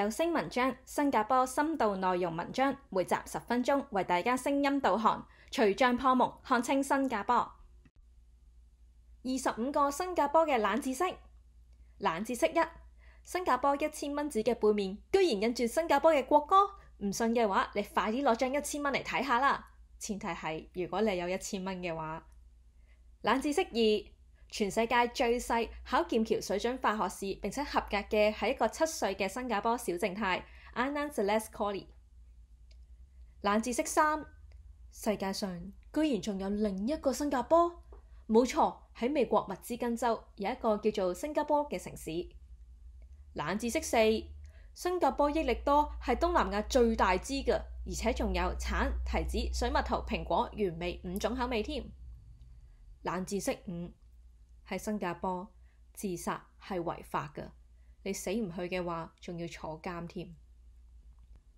有聲文章，新加坡深度內容文章，每集十分鐘，為大家聲音導航，除障破目，看清新加坡。二十五個新加坡嘅冷知識。冷知識一：新加坡一千蚊紙嘅背面居然印住新加坡嘅國歌，唔信嘅話，你快啲攞張一千蚊嚟睇下啦，前提係如果你有一千蚊嘅話。冷知識二。全世界最細考劍橋水準化學試並且合格嘅係一個七歲嘅新加坡小正太，Ainan Celeste Cawley。冷知識三：世界上居然仲有另一個新加坡，冇錯，喺美國密芝根州有一個叫做新加坡嘅城市。冷知識四：新加坡益力多係東南亞最大支嘅，而且仲有橙、提子、水蜜桃、蘋果、原味五種口味添。冷知識五。喺新加坡自殺係違法嘅，你死唔去嘅話，仲要坐監添。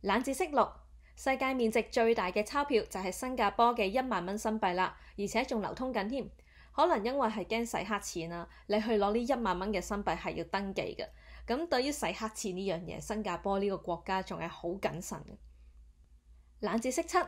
冷知識六，世界面積最大嘅鈔票就係新加坡嘅一萬蚊新幣啦，而且仲流通緊添。可能因為係驚洗黑錢啊，你去攞呢一萬蚊嘅新幣係要登記嘅。咁對於洗黑錢呢樣嘢，新加坡呢個國家仲係好謹慎嘅。冷知識七。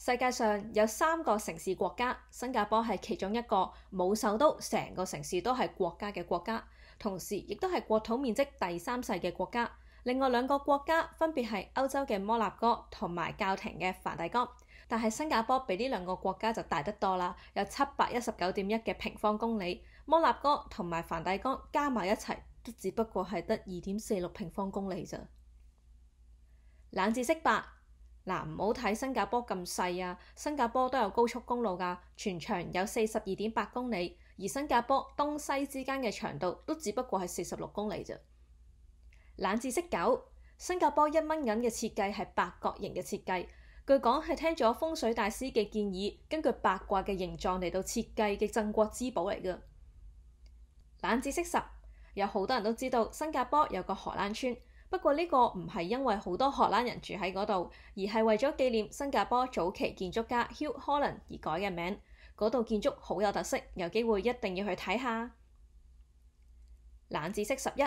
世界上有三個城市國家，新加坡係其中一個，冇首都，成個城市都係國家嘅國家，同時亦都係國土面積第三細嘅國家。另外兩個國家分別係歐洲嘅摩納哥同埋教廷嘅梵蒂岡，但係新加坡比呢兩個國家就大得多啦，有七百一十九點一嘅平方公里。摩納哥同埋梵蒂岡加埋一齊都只不過係得二點四六平方公里咋。冷知識八。嗱，唔好睇新加坡咁細啊！新加坡都有高速公路㗎，全長有四十二點八公里，而新加坡東西之間嘅長度都只不過係四十六公里啫。冷知識九，新加坡一蚊銀嘅設計係八角形嘅設計，據講係聽咗風水大師嘅建議，根據八卦嘅形狀嚟到設計嘅鎮國之寶嚟嘅。冷知識十，有好多人都知道新加坡有個荷蘭村。不過呢個唔係因為好多荷蘭人住喺嗰度，而係為咗紀念新加坡早期建築家 Hugh Holland 而改嘅名。嗰度建築好有特色，有機會一定要去睇下。冷知識十一：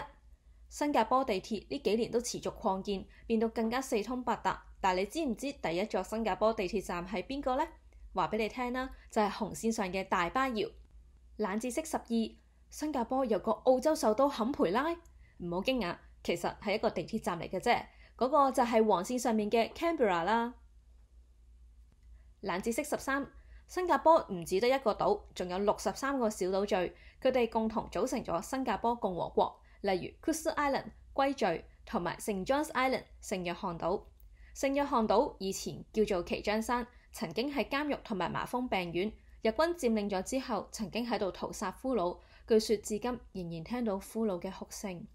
新加坡地鐵呢幾年都持續擴建，變到更加四通八達。但你知唔知第一座新加坡地鐵站係邊個呢？話俾你聽啦，就係、是、紅線上嘅大巴窑。冷知識十二：新加坡有個澳洲首都坎培拉，唔好驚訝。其實係一個地鐵站嚟嘅啫，嗰、那個就係黃線上面嘅 Canberra 啦。冷知識十三，新加坡唔止得一個島，仲有六十三個小島嶼，佢哋共同組成咗新加坡共和國。例如 Kusu Island 龜嶼、同埋聖 Johns Island 聖約翰島。聖約翰島以前叫做奇章山，曾經係監獄同埋麻風病院。日軍佔領咗之後，曾經喺度屠殺俘虜，據說至今仍然聽到俘虜嘅哭聲。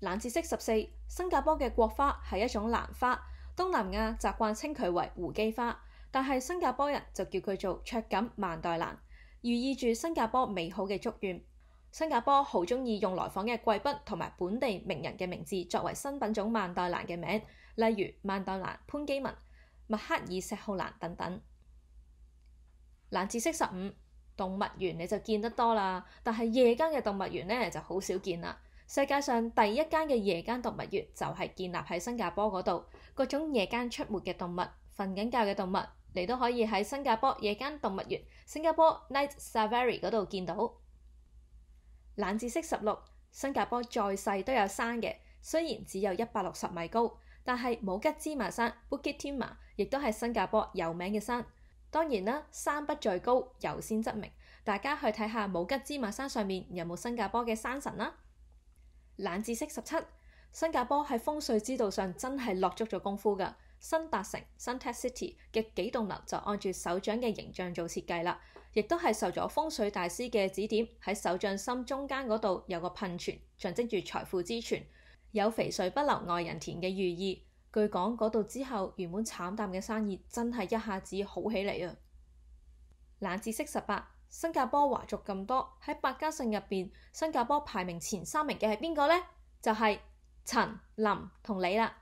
冷知識十四，新加坡嘅國花係一種蘭花，東南亞習慣稱佢為胡姬花，但係新加坡人就叫佢做卓錦萬代蘭，寓意住新加坡美好嘅祝願。新加坡好鍾意用來訪嘅貴賓同埋本地名人嘅名字作為新品種萬代蘭嘅名，例如萬代蘭潘基文、麥克爾石浩蘭等等。冷知識十五，動物園你就見得多啦，但係夜間嘅動物園呢就好少見啦。世界上第一間嘅夜間動物園就係建立喺新加坡嗰度，各種夜間出沒嘅動物、瞓緊覺嘅動物，你都可以喺新加坡夜間動物園、新加坡 Night Safari 嗰度見到。冷知識十六：新加坡再細都有山嘅，雖然只有一百六十米高，但係武吉芝麻山 （Bukit t i m a 亦都係新加坡有名嘅山。當然啦，山不在高，有先則明。大家去睇下武吉芝麻山上面有冇新加坡嘅山神啦～冷知識十七，新加坡喺風水之道上真係落足咗功夫噶。新達城新 t e c City） 嘅幾棟樓就按住手掌嘅形象做設計啦，亦都係受咗風水大師嘅指點。喺手掌心中間嗰度有個噴泉，象徵住財富之泉，有肥水不流外人田嘅寓意。據講嗰度之後原本慘淡嘅生意真係一下子好起嚟啊！冷知識十八。新加坡華族咁多喺百家姓入邊，新加坡排名前三名嘅係邊個呢？就係陳林同李啦。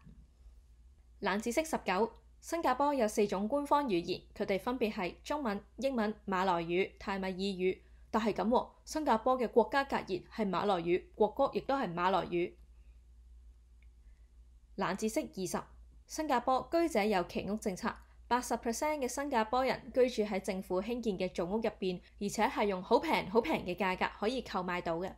冷知識十九，新加坡有四種官方語言，佢哋分別係中文、英文、馬來語、泰米爾語。但係咁喎，新加坡嘅國家格言係馬來語，國歌亦都係馬來語。冷知識二十，新加坡居者有其屋政策。八十 percent 嘅新加坡人居住喺政府興建嘅組屋入邊，而且係用好平、好平嘅價格可以購買到嘅。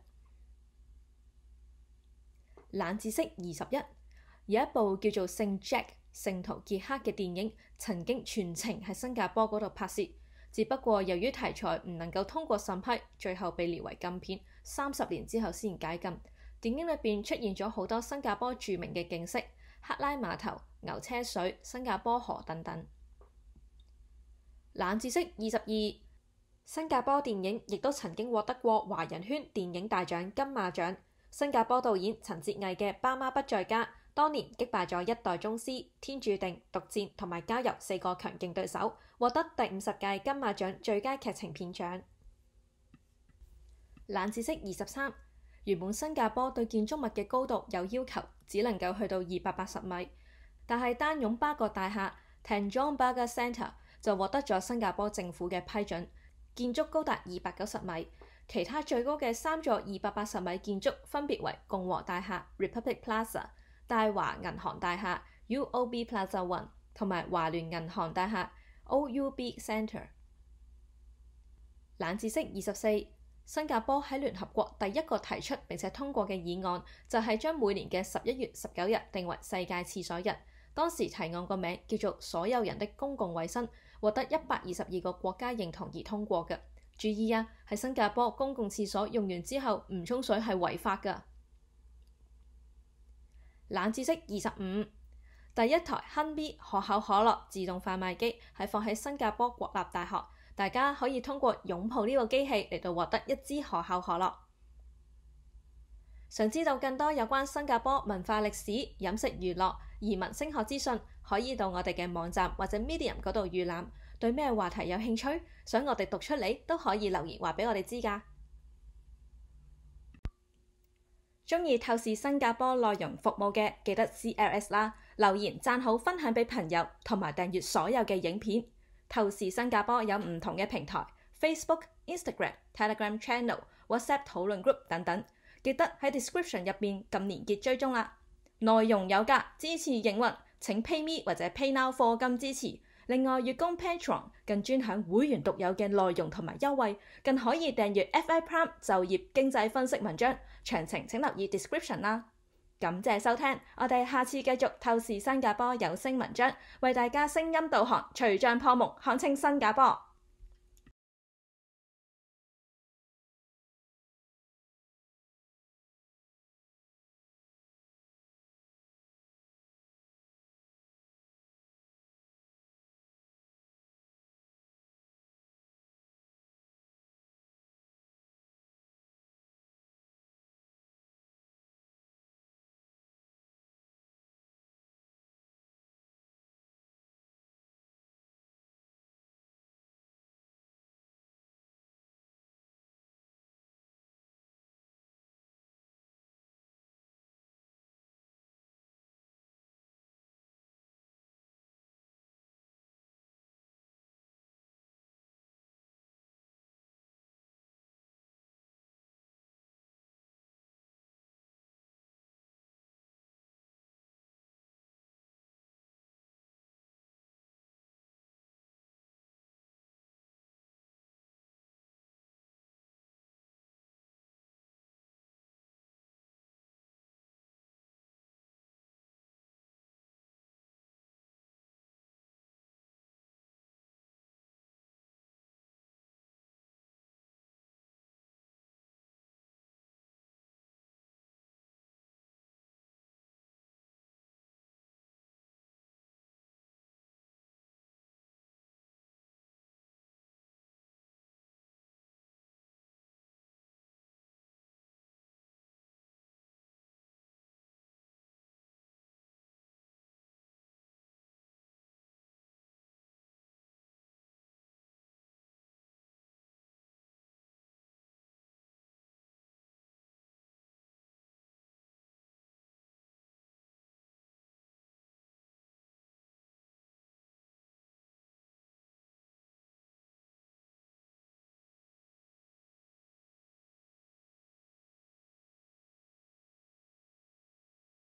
冷知識二十一，有一部叫做《聖 Jack 聖徒傑克》嘅電影，曾經全程喺新加坡嗰度拍攝，只不過由於題材唔能夠通過審批，最後被列為禁片。三十年之後先解禁。電影裏邊出現咗好多新加坡著名嘅景色，克拉碼頭、牛車水、新加坡河等等。冷知識二十二：新加坡電影亦都曾經獲得過華人圈電影大獎金馬獎。新加坡導演陳哲藝嘅《爸媽不在家》當年擊敗咗一代宗師、天注定、獨戰同埋郊遊，四個強勁對手，獲得第五十屆金馬獎最佳劇情片獎。冷知識二十三：原本新加坡對建築物嘅高度有要求，只能夠去到二百八十米，但係丹戎巴葛大廈 （Tanjong Pagar Centre），就獲得咗新加坡政府嘅批准，建築高達二百九十米。其他最高嘅三座二百八十米建築，分別為共和大廈 （Republic Plaza）、大華銀行大廈 （UOB Plaza One） 同埋華聯銀行大廈 （OUB Centre）。冷知識二十四：新加坡喺聯合國第一個提出並且通過嘅議案，就係、是、將每年嘅十一月十九日定為世界廁所日。當時提案個名叫做《所有人的公共衞生》，獲得一百二十二個國家認同而通過嘅。注意啊，喺新加坡公共廁所用完之後唔沖水係違法㗎。冷知識二十五，第一台亨必可口可樂自動販賣機係放喺新加坡國立大學，大家可以通過擁抱呢個機器嚟到獲得一支可口可樂。想知道更多有關新加坡文化、歷史、飲食、娛樂？移民升學資訊，可以到我哋嘅網站或者 Medium 嗰度預覽。對咩話題有興趣，想我哋讀出嚟，都可以留言話俾我哋知噶。中意透視新加坡內容服務嘅記得 CLS 啦，留言、讚好、分享俾朋友同埋訂閱所有嘅影片。透視新加坡有唔同嘅平台，Facebook、Instagram、Telegram Channel w h a t s a p p 討論 group 等等，記得喺 description 入邊撳連結追蹤啦。內容有價，支持營運，請 PayMe 或者 PayNow 課金支持。另外，月供 Patreon 更專享會員獨有嘅內容同埋優惠，更可以訂閱 FI Prime 就業經濟分析文章。詳情請留意 description 啦。感謝收聽，我哋下次繼續透視新加坡有聲文章，為大家聲音導航，除障破目，看清新加坡。